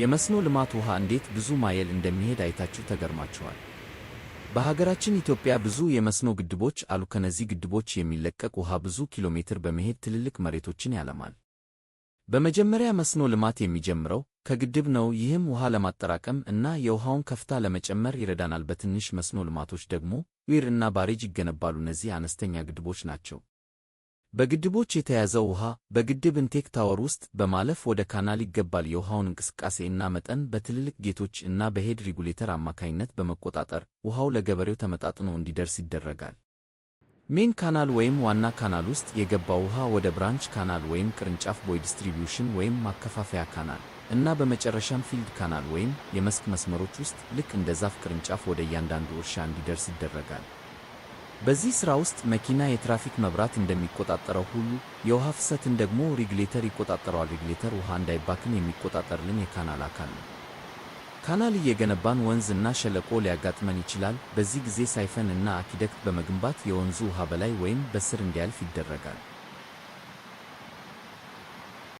የመስኖ ልማት ውሃ እንዴት ብዙ ማይል እንደሚሄድ አይታችሁ ተገርማችኋል። በሀገራችን ኢትዮጵያ ብዙ የመስኖ ግድቦች አሉ። ከነዚህ ግድቦች የሚለቀቅ ውሃ ብዙ ኪሎ ሜትር በመሄድ ትልልቅ መሬቶችን ያለማል። በመጀመሪያ መስኖ ልማት የሚጀምረው ከግድብ ነው። ይህም ውሃ ለማጠራቀም እና የውሃውን ከፍታ ለመጨመር ይረዳናል። በትንሽ መስኖ ልማቶች ደግሞ ዊር እና ባሬጅ ይገነባሉ። እነዚህ አነስተኛ ግድቦች ናቸው። በግድቦች የተያዘው ውሃ በግድብ ኢንቴክ ታወር ውስጥ በማለፍ ወደ ካናል ይገባል። የውሃውን እንቅስቃሴ እና መጠን በትልልቅ ጌቶች እና በሄድ ሪጉሌተር አማካኝነት በመቆጣጠር ውሃው ለገበሬው ተመጣጥኖ እንዲደርስ ይደረጋል። ሜን ካናል ወይም ዋና ካናል ውስጥ የገባው ውሃ ወደ ብራንች ካናል ወይም ቅርንጫፍ ቦይ ዲስትሪቢዩሽን ወይም ማከፋፈያ ካናል እና በመጨረሻም ፊልድ ካናል ወይም የመስክ መስመሮች ውስጥ ልክ እንደ ዛፍ ቅርንጫፍ ወደ እያንዳንዱ እርሻ እንዲደርስ ይደረጋል። በዚህ ሥራ ውስጥ መኪና የትራፊክ መብራት እንደሚቆጣጠረው ሁሉ የውሃ ፍሰትን ደግሞ ሪግሌተር ይቆጣጠረዋል። ሪግሌተር ውሃ እንዳይባክን የሚቆጣጠርልን የካናል አካል ነው። ካናል እየገነባን ወንዝ እና ሸለቆ ሊያጋጥመን ይችላል። በዚህ ጊዜ ሳይፈን እና አኪደክት በመገንባት የወንዙ ውሃ በላይ ወይም በስር እንዲያልፍ ይደረጋል።